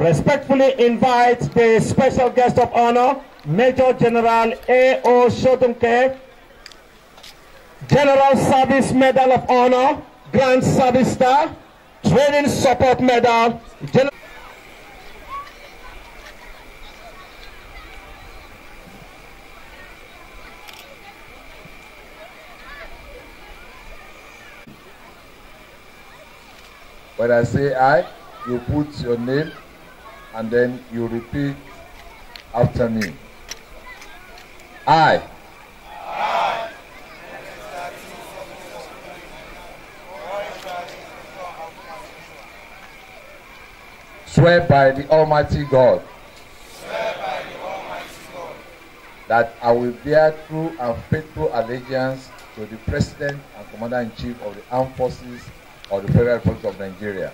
respectfully invite the special guest of honor, Major General A.O. Shodunke, General Service Medal of Honor, Grand Service Star, Training Support Medal, General When I say I, you put your name and then you repeat after me. I. Swear by the Almighty God. that I will bear true and faithful allegiance to the President and Commander in Chief of the Armed Forces of the Federal Republic of Nigeria.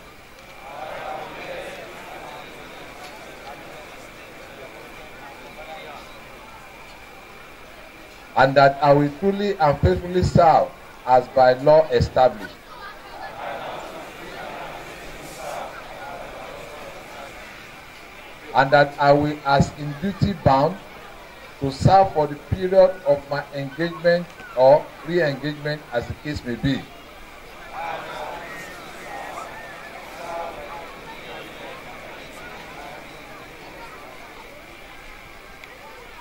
and that I will truly and faithfully serve as by law established. And that I will, as in duty bound, to serve for the period of my engagement or re-engagement as the case may be.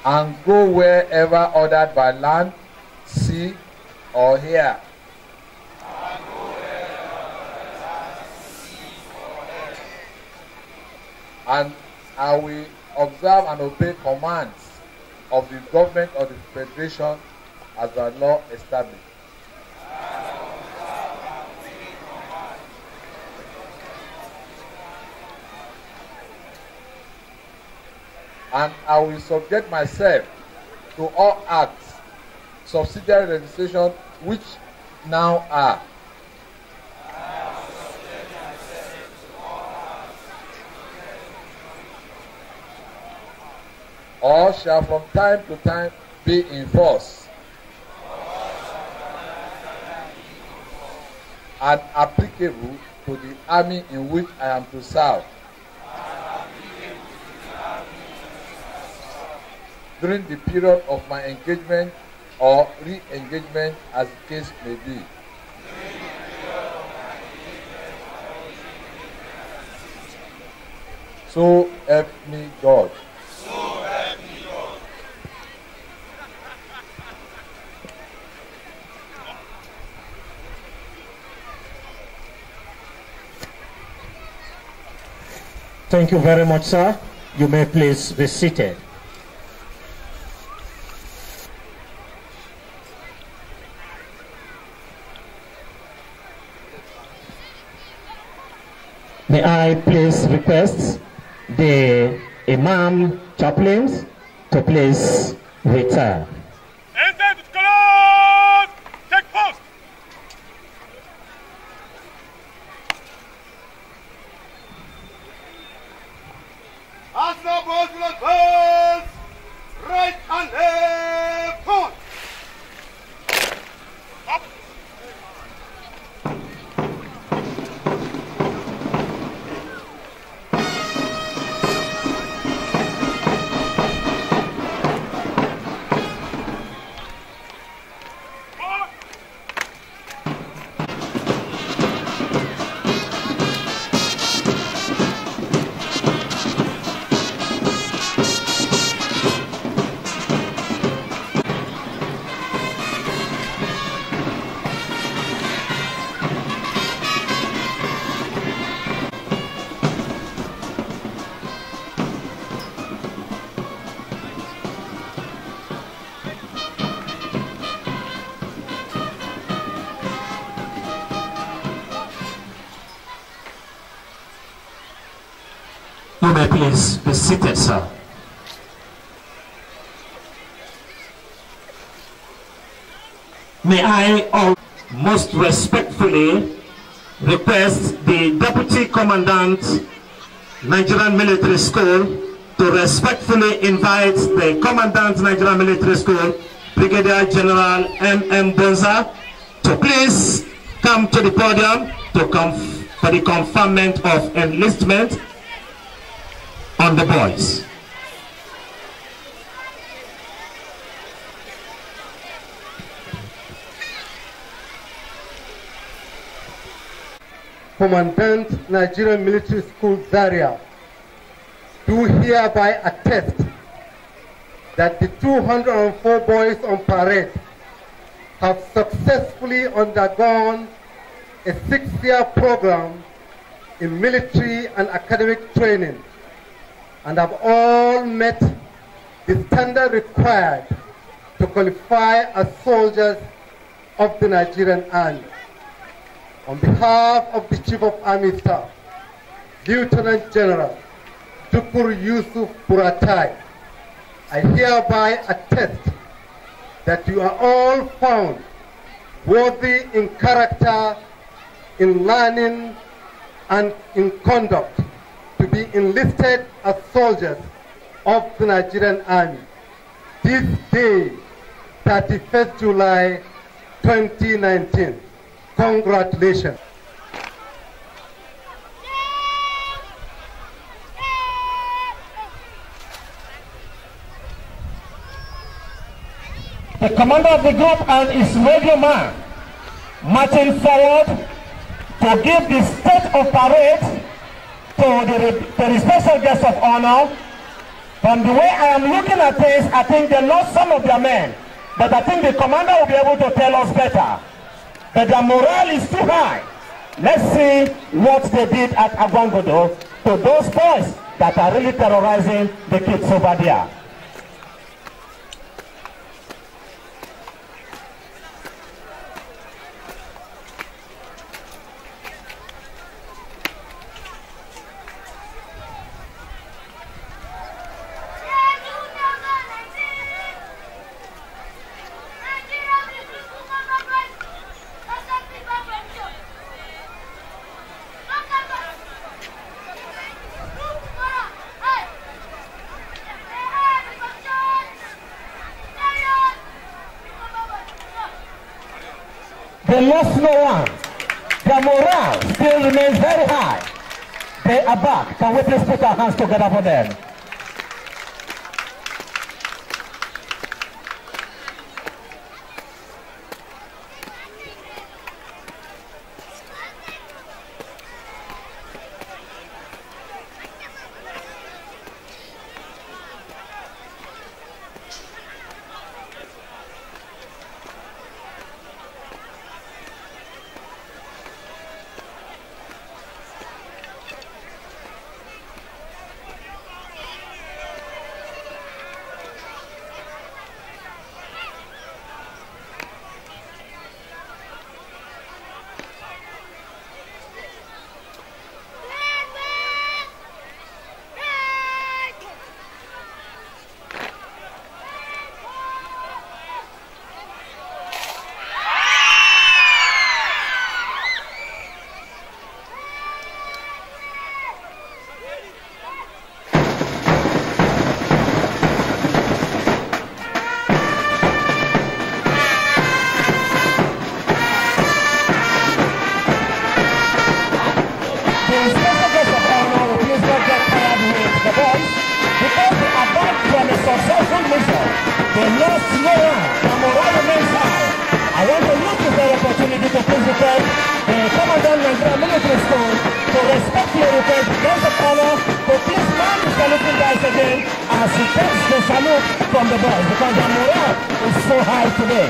and go wherever ordered by land, sea, or air. And I will observe and obey commands of the government of the Federation as the law established. and I will subject myself to all acts subsidiary legislation which now are. or shall from time to time be in force and applicable to the army in which I am to serve. during the period of my engagement or re-engagement as the case may be. So help me God. So help me God. Thank you very much, sir. You may please be seated. May I please request the Imam chaplains to please retire. You may please be seated, sir. May I um, most respectfully request the Deputy Commandant, Nigerian Military School, to respectfully invite the Commandant, Nigerian Military School, Brigadier General M. M. Bonza, to please come to the podium to for the confirmation of enlistment on the boys. Commandant Nigerian Military School Zaria do hereby attest that the 204 boys on parade have successfully undergone a six-year program in military and academic training and have all met the standard required to qualify as soldiers of the Nigerian Army. On behalf of the Chief of Army Staff, Lieutenant General Tukur Yusuf Buratai, I hereby attest that you are all found worthy in character, in learning, and in conduct be enlisted as soldiers of the Nigerian army. This day, 31st July 2019. Congratulations. The commander of the group and his radio man marching forward to give the state of parade to the, to the special guest of honor. From the way I am looking at this, I think they lost some of their men. But I think the commander will be able to tell us better. But their morale is too high. Let's see what they did at Aguangodo to those boys that are really terrorizing the kids over there. they lost no one. Their morale still remains very high. They are back. Can we please put our hands together for them? from I want to opportunity to the Commandant Military School to respect the please the saluting guys again the salute from the boys because the morale is so high today.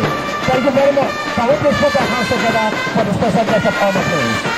Thank you very much. Can we please put our hands together for the special guest of honor, please?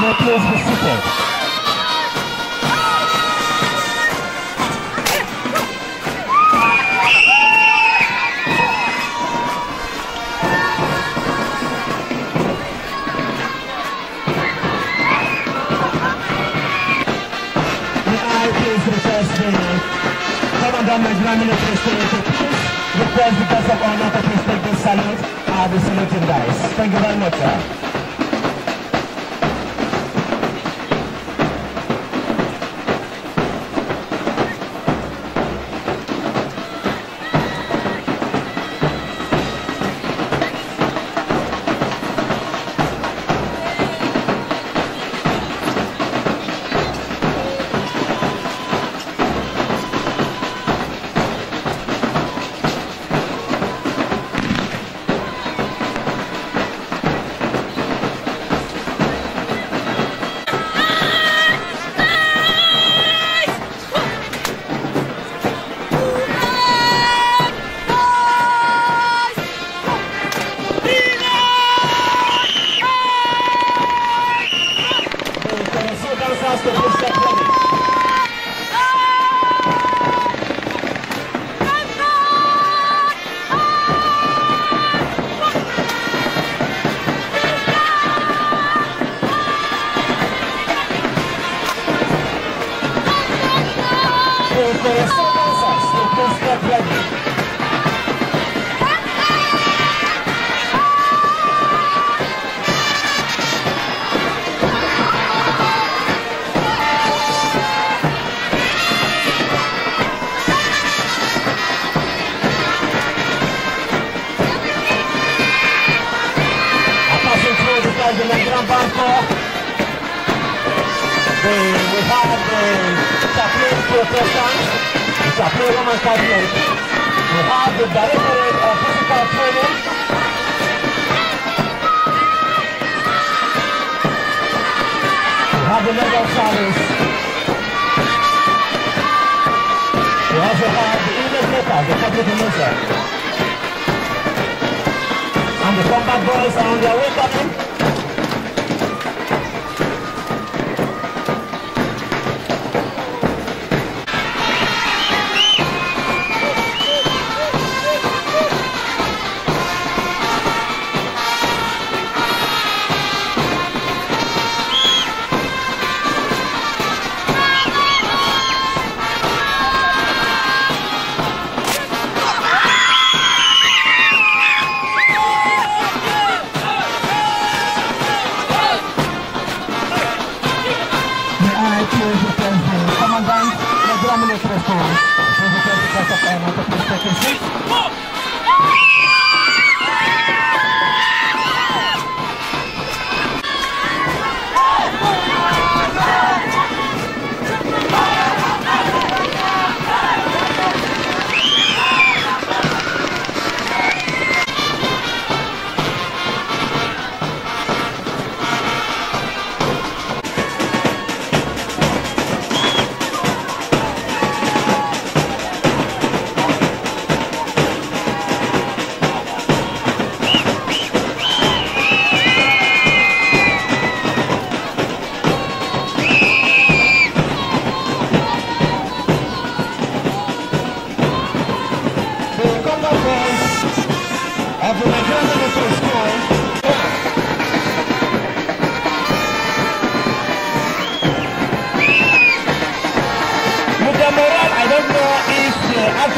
Some applause for Sippo. the Grand Military Selected Peace to take this salute at the saluting dice. Thank you very much, sir. González. We also have Ines Meta, the country producer. And the combat boys are on their way coming.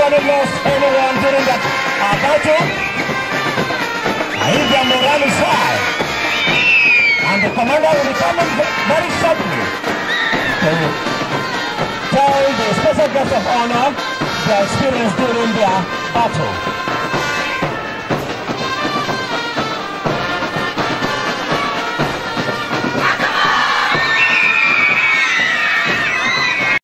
Nobody lost anyone during that uh, battle. i their morale is high, and the commander will come very shortly to tell the special guest of honor their experience during their battle.